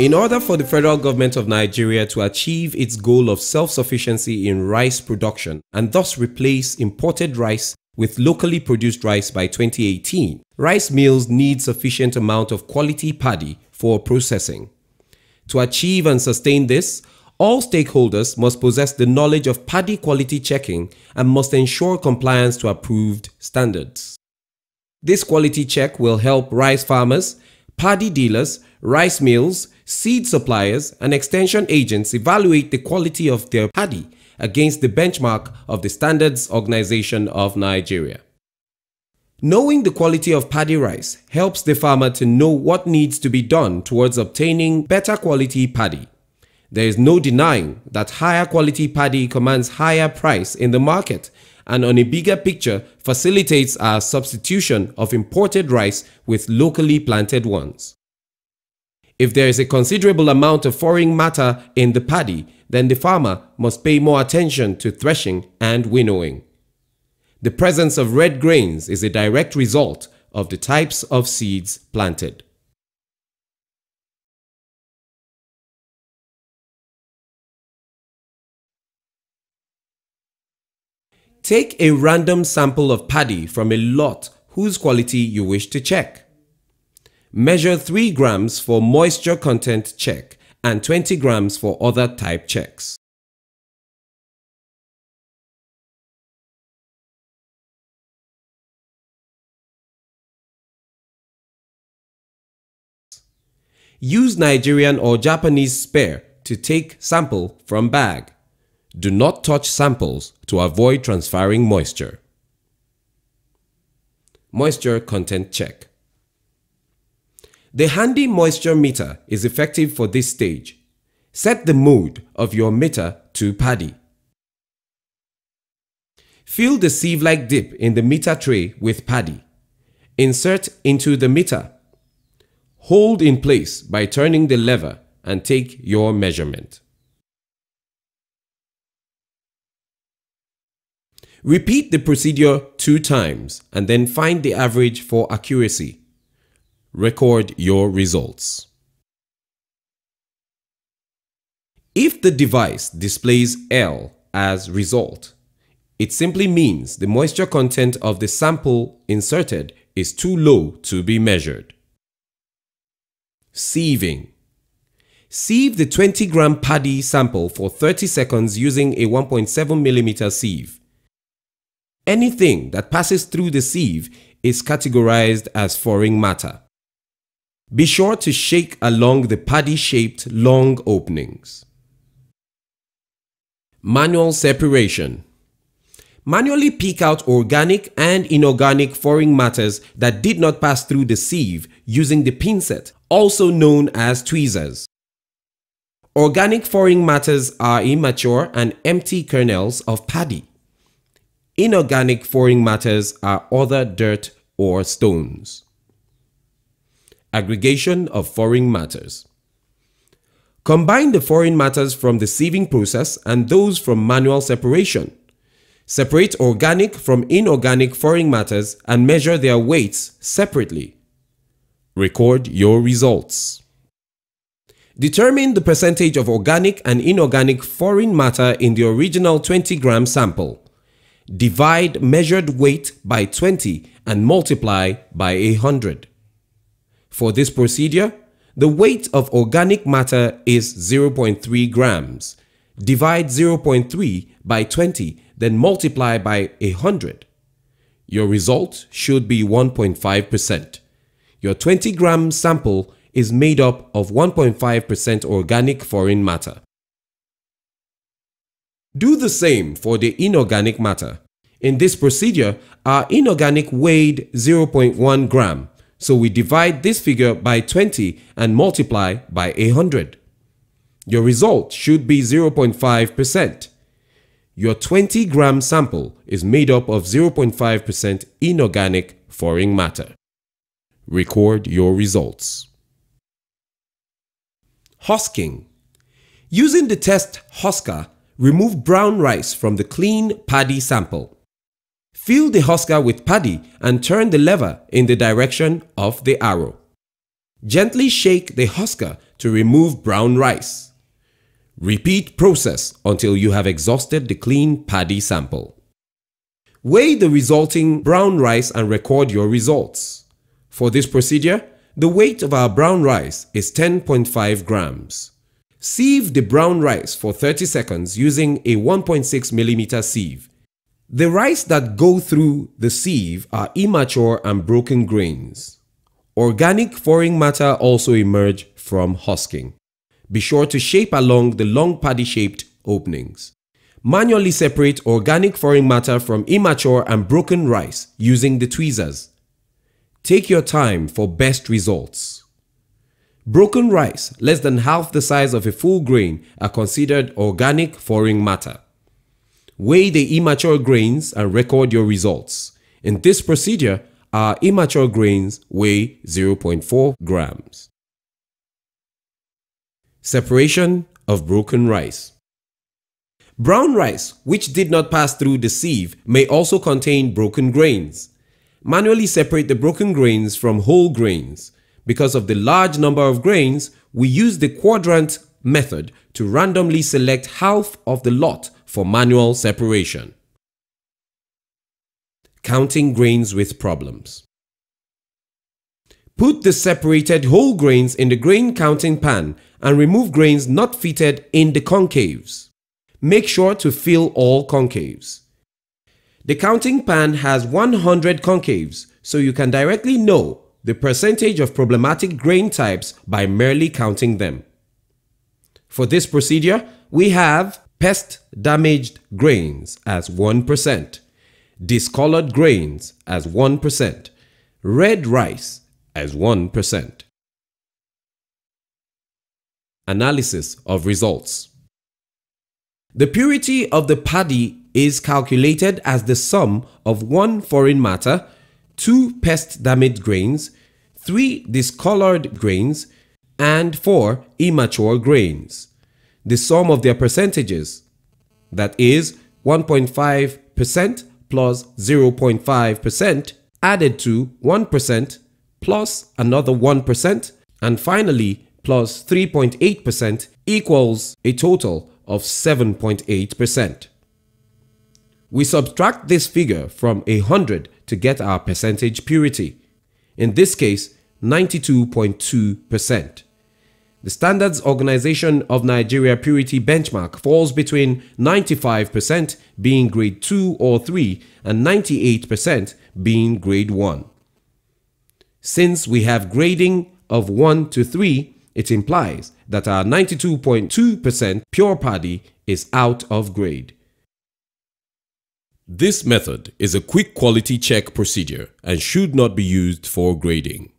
In order for the federal government of Nigeria to achieve its goal of self-sufficiency in rice production and thus replace imported rice with locally produced rice by 2018, rice mills need sufficient amount of quality paddy for processing. To achieve and sustain this, all stakeholders must possess the knowledge of paddy quality checking and must ensure compliance to approved standards. This quality check will help rice farmers, paddy dealers, rice mills, seed suppliers and extension agents evaluate the quality of their paddy against the benchmark of the Standards Organization of Nigeria. Knowing the quality of paddy rice helps the farmer to know what needs to be done towards obtaining better quality paddy. There is no denying that higher quality paddy commands higher price in the market and on a bigger picture facilitates our substitution of imported rice with locally planted ones. If there is a considerable amount of foreign matter in the paddy, then the farmer must pay more attention to threshing and winnowing. The presence of red grains is a direct result of the types of seeds planted. Take a random sample of paddy from a lot whose quality you wish to check. Measure 3 grams for moisture content check and 20 grams for other type checks. Use Nigerian or Japanese spare to take sample from bag. Do not touch samples to avoid transferring moisture. Moisture content check. The handy moisture meter is effective for this stage. Set the mode of your meter to paddy. Fill the sieve-like dip in the meter tray with paddy. Insert into the meter. Hold in place by turning the lever and take your measurement. Repeat the procedure two times and then find the average for accuracy record your results. If the device displays L as result, it simply means the moisture content of the sample inserted is too low to be measured. Sieving Sieve the 20 gram paddy sample for 30 seconds using a 1.7 mm sieve. Anything that passes through the sieve is categorized as foreign matter. Be sure to shake along the paddy-shaped long openings. Manual separation. Manually pick out organic and inorganic foreign matters that did not pass through the sieve using the pincet, also known as tweezers. Organic foreign matters are immature and empty kernels of paddy. Inorganic foreign matters are other dirt or stones aggregation of foreign matters. Combine the foreign matters from the sieving process and those from manual separation. Separate organic from inorganic foreign matters and measure their weights separately. Record your results. Determine the percentage of organic and inorganic foreign matter in the original 20 gram sample. Divide measured weight by 20 and multiply by 100. For this procedure, the weight of organic matter is 0.3 grams. Divide 0.3 by 20, then multiply by 100. Your result should be 1.5%. Your 20 gram sample is made up of 1.5% organic foreign matter. Do the same for the inorganic matter. In this procedure, our inorganic weighed 0.1 gram so we divide this figure by 20 and multiply by 100. Your result should be 0.5%. Your 20 gram sample is made up of 0.5% inorganic foreign matter. Record your results. Husking Using the test Husker, remove brown rice from the clean paddy sample. Fill the husker with paddy and turn the lever in the direction of the arrow. Gently shake the husker to remove brown rice. Repeat process until you have exhausted the clean paddy sample. Weigh the resulting brown rice and record your results. For this procedure, the weight of our brown rice is 10.5 grams. Sieve the brown rice for 30 seconds using a 1.6 millimeter sieve the rice that go through the sieve are immature and broken grains. Organic foreign matter also emerge from husking. Be sure to shape along the long paddy-shaped openings. Manually separate organic foreign matter from immature and broken rice using the tweezers. Take your time for best results. Broken rice, less than half the size of a full grain, are considered organic foreign matter weigh the immature grains and record your results. In this procedure, our immature grains weigh 0.4 grams. Separation of broken rice. Brown rice, which did not pass through the sieve, may also contain broken grains. Manually separate the broken grains from whole grains. Because of the large number of grains, we use the quadrant method to randomly select half of the lot for manual separation. Counting grains with problems. Put the separated whole grains in the grain counting pan and remove grains not fitted in the concaves. Make sure to fill all concaves. The counting pan has 100 concaves, so you can directly know the percentage of problematic grain types by merely counting them. For this procedure, we have pest damaged grains as 1%, discolored grains as 1%, red rice as 1%. Analysis of results The purity of the paddy is calculated as the sum of one foreign matter, two pest damaged grains, three discolored grains, and four immature grains the sum of their percentages, that is 1.5% plus 0.5% added to 1% plus another 1% and finally plus 3.8% equals a total of 7.8%. We subtract this figure from 100 to get our percentage purity, in this case 92.2%. The Standards Organization of Nigeria Purity Benchmark falls between 95% being grade 2 or 3 and 98% being grade 1. Since we have grading of 1 to 3, it implies that our 92.2% pure paddy is out of grade. This method is a quick quality check procedure and should not be used for grading.